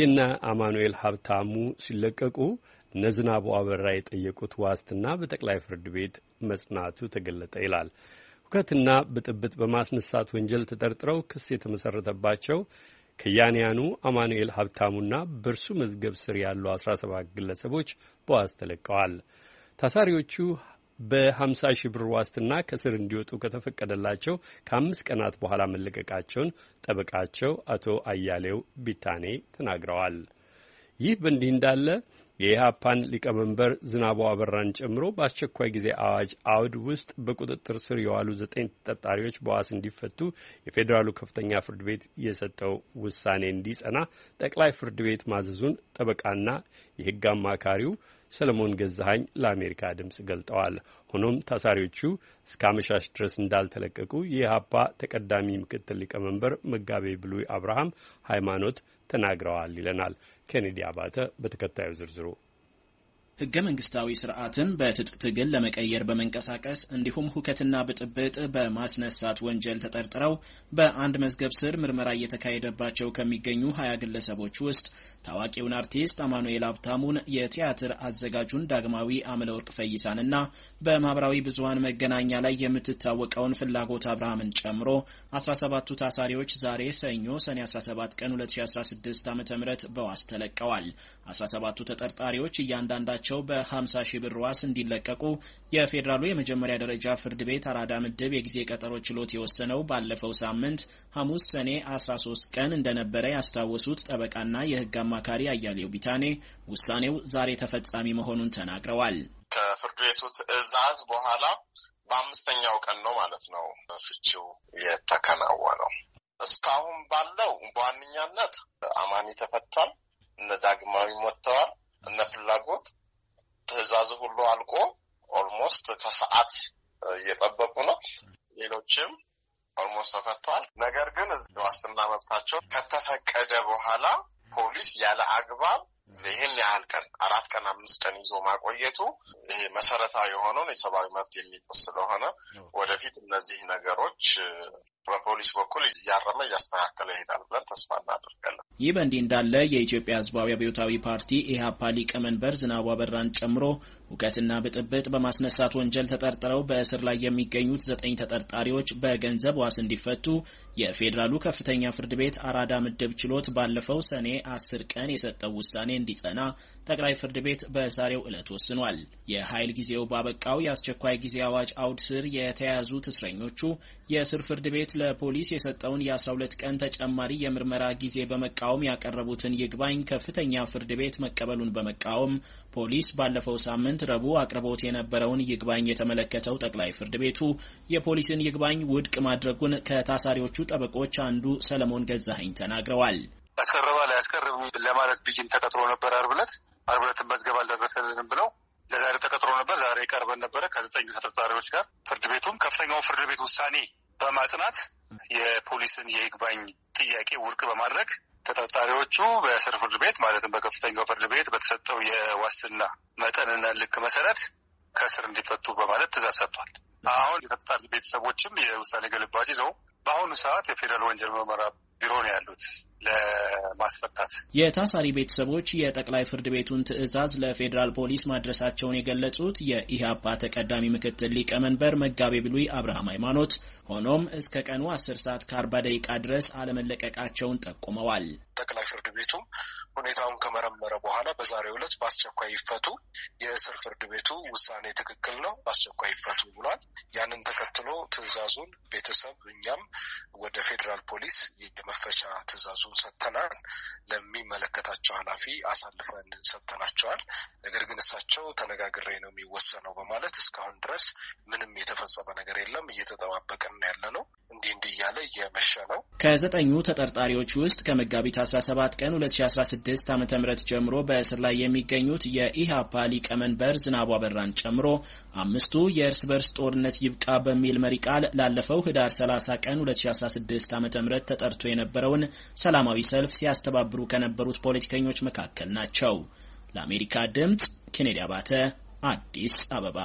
የነ አማኑኤል ሀብታሙ ሲለቀቁ ነዝናቡ አበራ የጠየቁት ዋስትና በጠቅላይ ፍርድ ቤት መጽናቱ ተገለጠ ይላል። ሁከትና ብጥብጥ በማስነሳት ወንጀል ተጠርጥረው ክስ የተመሰረተባቸው ከያንያኑ አማኑኤል ሀብታሙና በእርሱ መዝገብ ስር ያሉ 17 ግለሰቦች በዋስ ተለቀዋል። ታሳሪዎቹ በ50 ሺህ ብር ዋስትና ከስር እንዲወጡ ከተፈቀደላቸው ከአምስት ቀናት በኋላ መለቀቃቸውን ጠበቃቸው አቶ አያሌው ቢታኔ ተናግረዋል። ይህ በእንዲህ እንዳለ የኢህአፓን ሊቀመንበር ዝናቡ አበራን ጨምሮ በአስቸኳይ ጊዜ አዋጅ አውድ ውስጥ በቁጥጥር ስር የዋሉ ዘጠኝ ተጠርጣሪዎች በዋስ እንዲፈቱ የፌዴራሉ ከፍተኛ ፍርድ ቤት የሰጠው ውሳኔ እንዲጸና ጠቅላይ ፍርድ ቤት ማዘዙን ጠበቃና የህግ አማካሪው ሰለሞን ገዛሀኝ ለአሜሪካ ድምፅ ገልጠዋል። ሆኖም ታሳሪዎቹ እስከ አመሻሽ ድረስ እንዳልተለቀቁ የኢህአፓ ተቀዳሚ ምክትል ሊቀመንበር መጋቤ ብሉይ አብርሃም ሃይማኖት ተናግረዋል ይለናል። ኬኔዲ አባተ በተከታዩ ዝርዝሩ ህገ መንግስታዊ ስርዓትን በትጥቅ ትግል ለመቀየር በመንቀሳቀስ እንዲሁም ሁከትና ብጥብጥ በማስነሳት ወንጀል ተጠርጥረው በአንድ መዝገብ ስር ምርመራ እየተካሄደባቸው ከሚገኙ ሀያ ግለሰቦች ውስጥ ታዋቂውን አርቲስት አማኑኤል ሀብታሙን የቲያትር አዘጋጁን ዳግማዊ አምለወርቅ ፈይሳንና በማህበራዊ ብዙሀን መገናኛ ላይ የምትታወቀውን ፍላጎት አብርሃምን ጨምሮ 17ቱ ታሳሪዎች ዛሬ ሰኞ ሰኔ 17 ቀን 2016 ዓ ም በዋስ ተለቀዋል። 17ቱ ተጠርጣሪዎች እያንዳንዳቸው በመሆናቸው በ50 ሺህ ብር ዋስ እንዲለቀቁ የፌዴራሉ የመጀመሪያ ደረጃ ፍርድ ቤት አራዳ ምድብ የጊዜ ቀጠሮ ችሎት የወሰነው ባለፈው ሳምንት ሐሙስ ሰኔ 13 ቀን እንደነበረ ያስታወሱት ጠበቃና የሕግ አማካሪ አያሌው ቢታኔ ውሳኔው ዛሬ ተፈጻሚ መሆኑን ተናግረዋል። ከፍርድ ቤቱ ትዕዛዝ በኋላ በአምስተኛው ቀን ነው ማለት ነው ፍቺው የተከናወነው። እስካሁን ባለው በዋነኛነት አማኒ ተፈቷል። እነ ዳግማዊ ሞተዋል። እነ ፍላጎት ትዕዛዝ ሁሉ አልቆ ኦልሞስት ከሰዓት እየጠበቁ ነው። ሌሎችም ኦልሞስት ተፈተዋል። ነገር ግን ዋስትና መብታቸው ከተፈቀደ በኋላ ፖሊስ ያለ አግባብ ይህን አራት ቀን አምስት ቀን ይዞ ማቆየቱ ይሄ መሰረታዊ የሆነውን የሰብአዊ መብት የሚጥስ ስለሆነ ወደፊት እነዚህ ነገሮች በፖሊስ በኩል እያረመ እያስተካከለ ይሄዳል ብለን ተስፋ እናደርጋለን። ይህ በእንዲህ እንዳለ የኢትዮጵያ ሕዝባዊ አብዮታዊ ፓርቲ ኢህአፓ ሊቀመንበር ዝናቡ አበራን ጨምሮ ሁከትና ብጥብጥ በማስነሳት ወንጀል ተጠርጥረው በእስር ላይ የሚገኙት ዘጠኝ ተጠርጣሪዎች በገንዘብ ዋስ እንዲፈቱ የፌዴራሉ ከፍተኛ ፍርድ ቤት አራዳ ምድብ ችሎት ባለፈው ሰኔ አስር ቀን የሰጠው ውሳኔ እንዲጸና ጠቅላይ ፍርድ ቤት በዛሬው ዕለት ወስኗል። የኃይል ጊዜው ባበቃው የአስቸኳይ ጊዜ አዋጅ አውድ ስር የተያዙት እስረኞቹ የስር ፍርድ ቤት ለፖሊስ የሰጠውን የ12 ቀን ተጨማሪ የምርመራ ጊዜ በመቃወም ያቀረቡትን ይግባኝ ከፍተኛ ፍርድ ቤት መቀበሉን በመቃወም ፖሊስ ባለፈው ሳምንት ረቡዕ አቅርቦት የነበረውን ይግባኝ የተመለከተው ጠቅላይ ፍርድ ቤቱ የፖሊስን ይግባኝ ውድቅ ማድረጉን ከታሳሪዎቹ ጠበቆች አንዱ ሰለሞን ገዛኸኝ ተናግረዋል። ላይ አስቀርብ ለማለት ብይን ተቀጥሮ ነበር አርብ ዕለት አርብ ዕለት መዝገብ አልደረሰልንም ብለው ለዛሬ ተቀጥሮ ነበር። ዛሬ ቀርበን ነበረ ከዘጠኝ ተጠርጣሪዎች ጋር ፍርድ ቤቱም ከፍተኛውን ፍርድ ቤት ውሳኔ በማጽናት የፖሊስን የይግባኝ ጥያቄ ውድቅ በማድረግ ተጠርጣሪዎቹ በስር ፍርድ ቤት ማለትም በከፍተኛው ፍርድ ቤት በተሰጠው የዋስትና መጠንና ልክ መሰረት ከስር እንዲፈቱ በማለት ትእዛዝ ሰጥቷል። አሁን የተጠርጣሪ ቤተሰቦችም የውሳኔ ግልባጭ ይዘው በአሁኑ ሰዓት የፌዴራል ወንጀል ምርመራ ቢሮ ነው ያሉት። ለማስፈታት የታሳሪ ቤተሰቦች የጠቅላይ ፍርድ ቤቱን ትዕዛዝ ለፌዴራል ፖሊስ ማድረሳቸውን የገለጹት የኢህአፓ ተቀዳሚ ምክትል ሊቀመንበር መጋቤ ብሉይ አብርሃም ሃይማኖት፣ ሆኖም እስከ ቀኑ አስር ሰዓት ከአርባ ደቂቃ ድረስ አለመለቀቃቸውን ጠቁመዋል። ጠቅላይ ፍርድ ቤቱ ሁኔታውን ከመረመረ በኋላ በዛሬው ዕለት በአስቸኳይ ይፈቱ፣ የእስር ፍርድ ቤቱ ውሳኔ ትክክል ነው፣ በአስቸኳይ ይፈቱ ብሏል። ያንን ተከትሎ ትዕዛዙን ቤተሰብ እኛም ወደ ፌዴራል ፖሊስ የመፈቻ ትዕዛዙ አድራሻቸውን ሰጥተናል። ለሚመለከታቸው ኃላፊ አሳልፈን ሰጥተናቸዋል። ነገር ግን እሳቸው ተነጋግሬ ነው የሚወሰነው በማለት እስካሁን ድረስ ምንም የተፈጸመ ነገር የለም። እየተጠባበቅን ያለ ነው። እያለ እየመሸ ነው። ከዘጠኙ ተጠርጣሪዎች ውስጥ ከመጋቢት 17 ቀን 2016 ዓ ም ጀምሮ በእስር ላይ የሚገኙት የኢህአፓ ሊቀመንበር ዝናቡ አበራን ጨምሮ አምስቱ የእርስ በርስ ጦርነት ይብቃ በሚል መሪ ቃል ላለፈው ህዳር 30 ቀን 2016 ዓ ም ተጠርቶ የነበረውን ሰላማዊ ሰልፍ ሲያስተባብሩ ከነበሩት ፖለቲከኞች መካከል ናቸው። ለአሜሪካ ድምፅ ኬኔዲ አባተ አዲስ አበባ